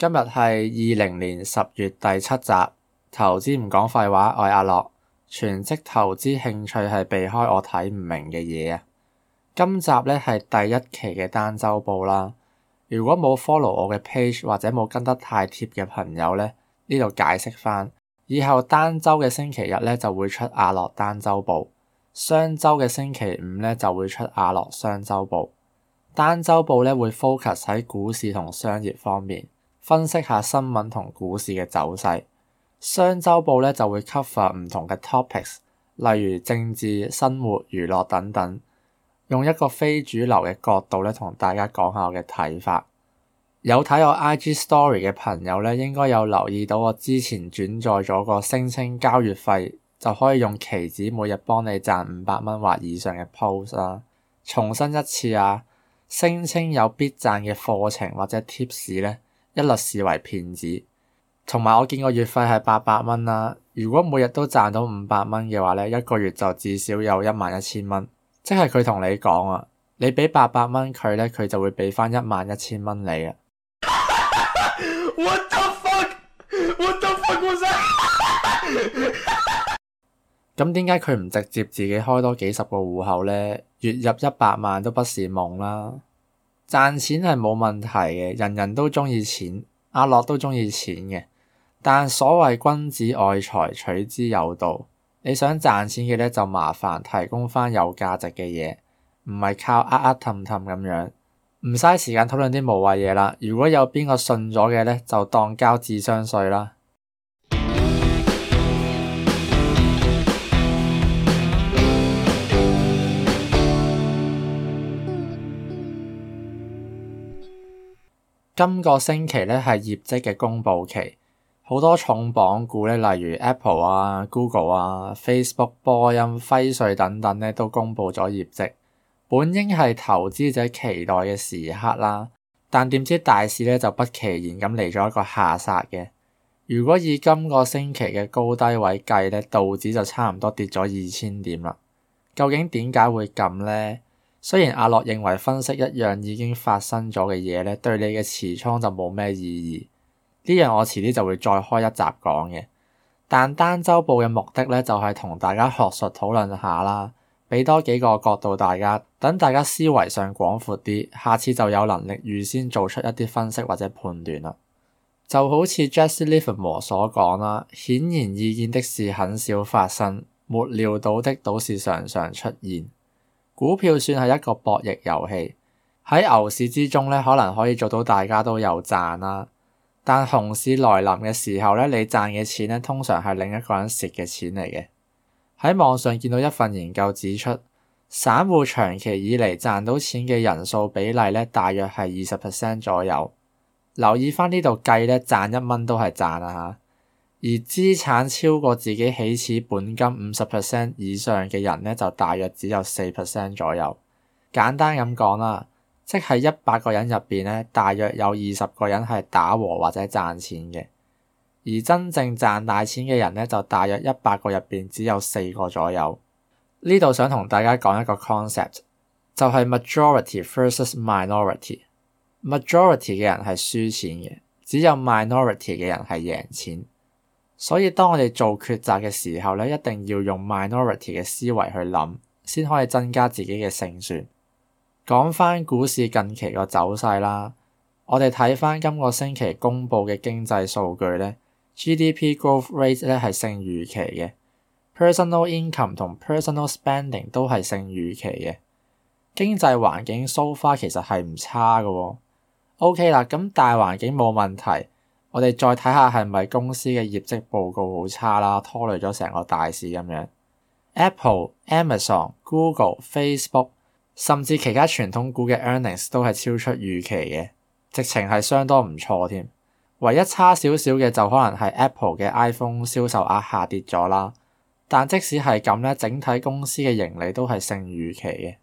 今日係二零年十月第七集，投資唔講廢話。愛阿樂全職投資，興趣係避開我睇唔明嘅嘢啊。今集咧係第一期嘅單周報啦。如果冇 follow 我嘅 page 或者冇跟得太貼嘅朋友咧，呢度解釋翻，以後單周嘅星期日咧就會出阿樂單周報，雙周嘅星期五咧就會出阿樂雙周報。單周報咧會 focus 喺股市同商業方面。分析下新聞同股市嘅走勢。商周報咧就會 cover 唔同嘅 topics，例如政治、生活、娛樂等等，用一個非主流嘅角度咧，同大家講下我嘅睇法。有睇我 IG story 嘅朋友咧，應該有留意到我之前轉載咗個聲稱交月費就可以用期指每日幫你賺五百蚊或以上嘅 post 啦、啊。重申一次啊，聲稱有必賺嘅課程或者 tips 咧，一律視為騙子，同埋我見過月費係八百蚊啦。如果每日都賺到五百蚊嘅話呢，一個月就至少有一萬一千蚊。即係佢同你講啊，你俾八百蚊佢呢，佢就會俾翻一萬一千蚊你啊。 What the fuck? What the fuck? 咁點解佢唔直接自己多開多幾十個戶口呢？月入一百萬都不是夢啦。賺錢係冇問題嘅，人人都鍾意錢，阿樂都鍾意錢嘅。但所謂君子愛財，取之有道。你想賺錢嘅咧，就麻煩提供翻有價值嘅嘢，唔係靠呃呃氹氹咁樣。唔嘥時間討論啲無謂嘢啦。如果有邊個信咗嘅咧，就當交智商稅啦。今個星期咧係業績嘅公布期，好多重磅股咧，例如 Apple 啊、Google 啊、Facebook、波音、輝瑞等等咧，都公布咗業績。本應係投資者期待嘅時刻啦，但點知大市咧就不期然咁嚟咗一個下殺嘅。如果以今個星期嘅高低位計咧，道指就差唔多跌咗二千點啦。究竟點解會咁呢？雖然阿樂認為分析一樣已經發生咗嘅嘢呢，對你嘅持倉就冇咩意義，呢樣我遲啲就會再開一集講嘅。但單週報嘅目的呢，就係同大家學術討論下啦，畀多幾個角度大家，等大家思維上廣闊啲，下次就有能力預先做出一啲分析或者判斷啦。就好似 Jesse Livermore 所講啦，顯然意見的事很少發生，沒料到的倒是常常出現。股票算係一個博弈遊戲，喺牛市之中咧，可能可以做到大家都有賺啦。但熊市來臨嘅時候咧，你賺嘅錢咧，通常係另一個人蝕嘅錢嚟嘅。喺網上見到一份研究指出，散戶長期以嚟賺到錢嘅人數比例咧，大約係二十 percent 左右。留意翻呢度計咧，賺一蚊都係賺啊！嚇。而資產超過自己起始本金五十 percent 以上嘅人咧，就大約只有四 percent 左右。簡單咁講啦，即係一百個人入邊咧，大約有二十個人係打和或者賺錢嘅，而真正賺大錢嘅人咧，就大約一百個入邊只有四個左右。呢度想同大家講一個 concept，就係 majority versus minority。Majority 嘅人係輸錢嘅，只有 minority 嘅人係贏錢。所以當我哋做抉擇嘅時候咧，一定要用 minority 嘅思維去諗，先可以增加自己嘅勝算。講翻股市近期個走勢啦，我哋睇翻今個星期公布嘅經濟數據咧，GDP growth rate 咧係勝預期嘅，personal income 同 personal spending 都係勝預期嘅，經濟環境 so far 其實係唔差嘅，哦。OK 啦，咁大環境冇問題。我哋再睇下係咪公司嘅業績報告好差啦，拖累咗成個大市咁樣。Apple、Amazon、Google、Facebook，甚至其他傳統股嘅 earnings 都係超出預期嘅，直情係相當唔錯添。唯一差少少嘅就可能係 Apple 嘅 iPhone 銷售額下跌咗啦。但即使係咁呢，整體公司嘅盈利都係勝預期嘅。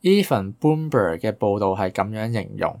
Even Bloomberg 嘅報道係咁樣形容。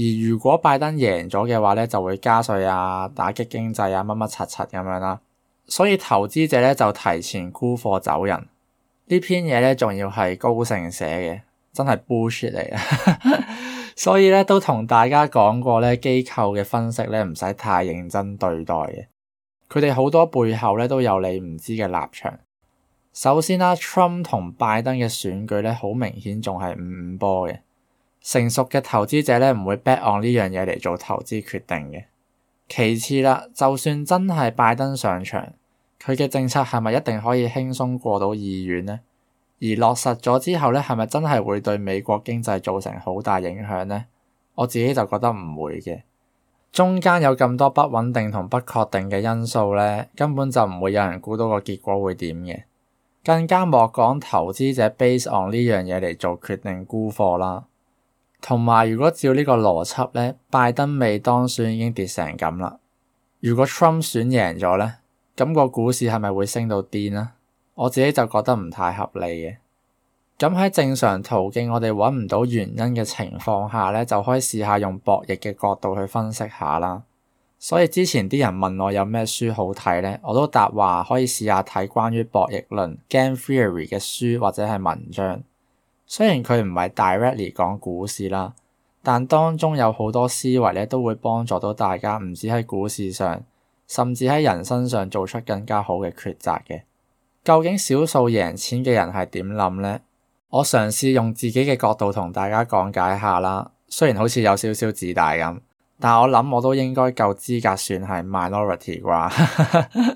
而如果拜登贏咗嘅話咧，就會加稅啊、打擊經濟啊、乜乜柒柒咁樣啦，所以投資者咧就提前沽貨走人。篇呢篇嘢咧仲要係高盛寫嘅，真係 bullshit 嚟啊！ 所以咧都同大家講過咧，機構嘅分析咧唔使太認真對待嘅，佢哋好多背後咧都有你唔知嘅立場。首先啦，Trump 同拜登嘅選舉咧，好明顯仲係五五波嘅。成熟嘅投資者咧，唔會 back on 呢樣嘢嚟做投資決定嘅。其次啦，就算真係拜登上場，佢嘅政策係咪一定可以輕鬆過到議院呢？而落實咗之後咧，係咪真係會對美國經濟造成好大影響呢？我自己就覺得唔會嘅。中間有咁多不穩定同不確定嘅因素咧，根本就唔會有人估到個結果會點嘅。更加莫講投資者 base on 呢樣嘢嚟做決定沽貨啦。同埋，如果照呢個邏輯呢個邏輯咧，拜登未當選已經跌成咁啦。如果 Trump 選贏咗咧，咁、個股市係咪會升到癲咧？我自己就覺得唔太合理嘅。咁喺正常途徑，我哋揾唔到原因嘅情況下咧，就可以試下用博弈嘅角度去分析下啦。所以之前啲人問我有咩書好睇咧，我都答話可以試下睇關於博弈論 （Game Theory） 嘅書或者係文章。雖然佢唔係 directly 講股市啦，但當中有好多思維咧都會幫助到大家，唔止喺股市上，甚至喺人身上做出更加好嘅抉擇嘅。究竟少數贏錢嘅人係點諗呢？我嘗試用自己嘅角度同大家講解下啦。雖然好似有少少自大咁，但我諗我都應該夠資格算係 minority 啩。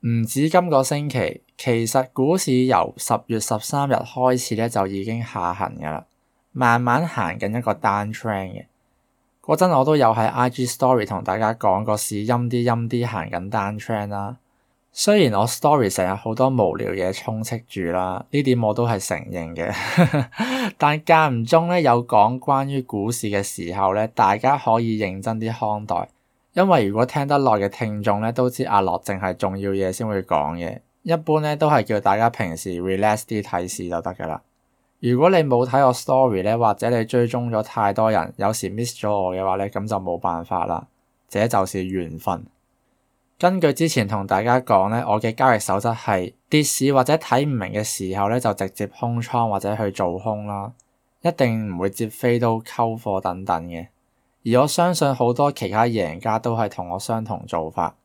唔 止今個星期。其實股市由十月十三日開始咧，就已經下行嘅啦，慢慢行緊一個 down trend 嘅。嗰陣 我都有喺 IG story 同大家講個市陰啲陰啲行緊 down trend 啦。雖然我 story 成日好多無聊嘢充斥住啦，呢點我都係承認嘅。 但間唔中咧有講關於股市嘅時候咧，大家可以認真啲看待，因為如果聽得耐嘅聽眾咧都知阿樂淨係重要嘢先會講嘢。一般咧都係叫大家平時 relax 啲睇市就得噶啦。如果你冇睇我 story 咧，或者你追蹤咗太多人，有時 miss 咗我嘅話咧，咁就冇辦法啦。這就是緣分。根據之前同大家講咧，我嘅交易守則係跌市或者睇唔明嘅時候咧，就直接空倉或者去做空啦，一定唔會接飛刀溝貨等等嘅。而我相信好多其他贏家都係同我相同做法。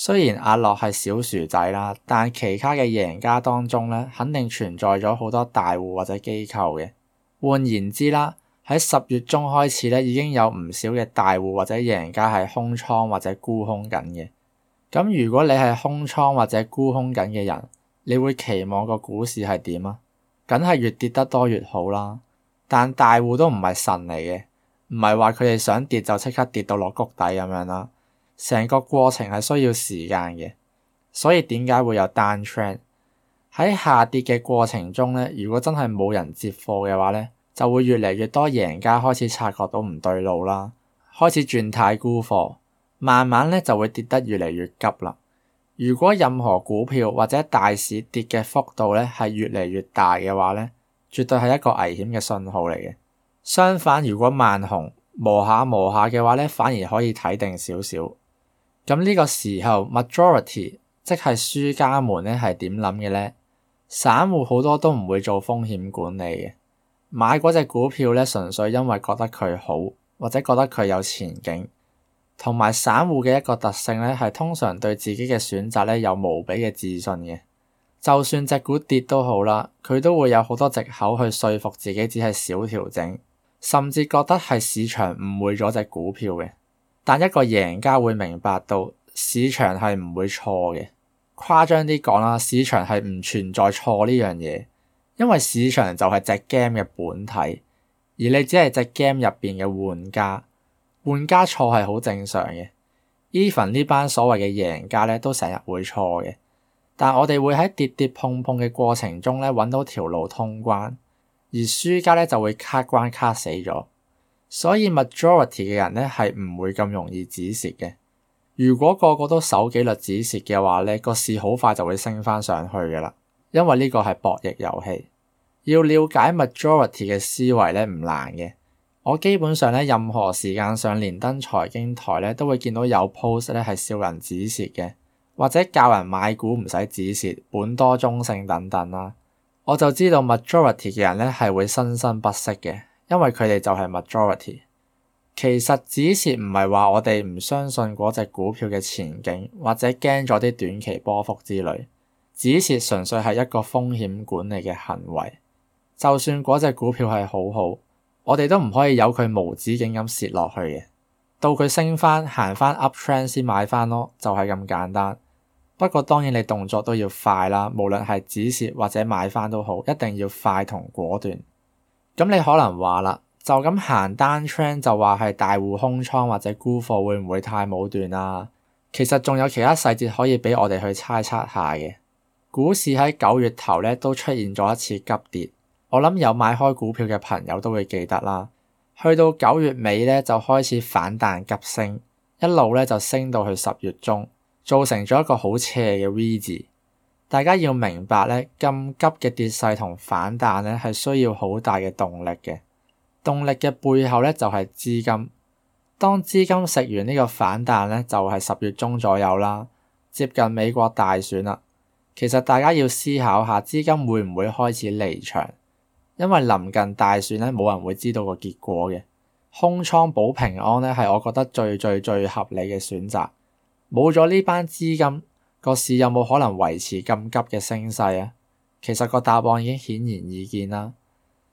雖然阿樂係小薯仔啦，但其他嘅贏家當中咧，肯定存在咗好多大戶或者機構嘅。換言之啦，喺十月中開始咧，已經有唔少嘅大戶或者贏家係空倉或者沽空緊嘅。咁如果你係空倉或者沽空緊嘅人，你會期望個股市係點啊？梗係越跌得多越好啦。但大戶都唔係神嚟嘅，唔係話佢哋想跌就即刻跌到落谷底咁樣啦。成個過程係需要時間嘅，所以點解會有 downtrend 喺下跌嘅過程中咧，如果真係冇人接貨嘅話咧，就會越嚟越多贏家開始察覺到唔對路啦，開始轉態沽貨，慢慢咧就會跌得越嚟越急啦。如果任何股票或者大市跌嘅幅度咧係越嚟越大嘅話咧，絕對係一個危險嘅信號嚟嘅。相反，如果慢紅磨下磨下嘅話咧，反而可以睇定少少。咁呢個時候，majority，即係輸家們咧，係點諗嘅咧？散戶好多都唔會做風險管理嘅，買嗰隻股票咧，純粹因為覺得佢好，或者覺得佢有前景。同埋，散戶嘅一個特性咧，係通常對自己嘅選擇咧有無比嘅自信嘅。就算隻股跌都好啦，佢都會有好多藉口去説服自己，只係小調整，甚至覺得係市場誤會咗隻股票嘅。但一個贏家會明白到市場係唔會錯嘅，誇張啲講啦，市場係唔存在錯呢樣嘢，因為市場就係隻 game 嘅本體，而你只係隻 game 入邊嘅玩家，玩家錯係好正常嘅。Even 呢班所謂嘅贏家咧，都成日會錯嘅，但我哋會喺跌跌碰碰嘅過程中咧，搵到條路通關，而輸家咧就會卡關卡死咗。所以 majority 嘅人咧係唔會咁容易止蝕嘅。如果個個都守紀律止蝕嘅話咧，個市好快就會升翻上去嘅啦。因為呢個係博弈遊戲，要了解 majority 嘅思維咧唔難嘅。我基本上咧任何時間上連登財經台咧都會見到有 post 咧係笑人止蝕嘅，或者教人買股唔使止蝕、本多中性等等啦。我就知道 majority 嘅人咧係會生生不息嘅。因為佢哋就係 majority，其實止蝕唔係話我哋唔相信嗰隻股票嘅前景，或者驚咗啲短期波幅之類，止蝕純粹係一個風險管理嘅行為。就算嗰隻股票係好好，我哋都唔可以由佢無止境咁蝕落去嘅，到佢升翻行翻 up trend 先買翻咯，就係、是、咁簡單。不過當然你動作都要快啦，無論係止蝕或者買翻都好，一定要快同果斷。咁你可能話啦，就咁行單 trend 就話係大戶空倉或者沽貨，會唔會太武斷啊？其實仲有其他細節可以畀我哋去猜測下嘅。股市喺九月頭咧都出現咗一次急跌，我諗有買開股票嘅朋友都會記得啦。去到九月尾咧就開始反彈急升，一路咧就升到去十月中，造成咗一個好斜嘅 V 字。大家要明白咧，咁急嘅跌勢同反彈咧，係需要好大嘅動力嘅。動力嘅背後咧就係資金。當資金食完呢個反彈咧，就係十月中左右啦，接近美國大選啦。其實大家要思考下，資金會唔會開始離場？因為臨近大選咧，冇人會知道個結果嘅。空倉保平安咧，係我覺得最最最最合理嘅選擇。冇咗呢班資金。個市有冇可能維持咁急嘅升勢啊？其實個答案已經顯而易見啦。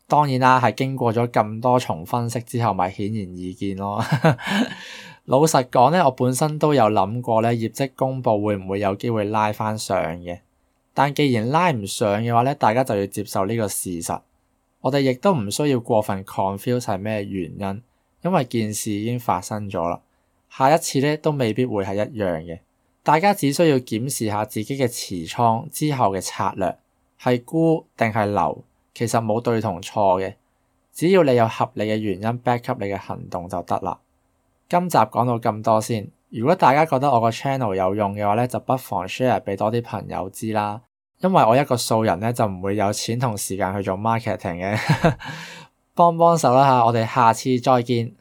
當然啦，係經過咗咁多重分析之後，咪顯而易見咯。 老實講呢，我本身都有諗過呢，業績公布會唔會有機會拉翻上嘅。但既然拉唔上嘅話呢，大家就要接受呢個事實。我哋亦都唔需要過分 confuse 係咩原因，因為件事已經發生咗啦。下一次呢，都未必會係一樣嘅。大家只需要檢視下自己嘅持倉之後嘅策略係沽定係留，其實冇對同錯嘅，只要你有合理嘅原因 back up 你嘅行動就得啦。今集講到咁多先，如果大家覺得我個 channel 有用嘅話咧，就不妨 share 俾多啲朋友知啦，因為我一個素人咧就唔會有錢同時間去做 marketing 嘅，幫 幫手啦嚇，我哋下次再見。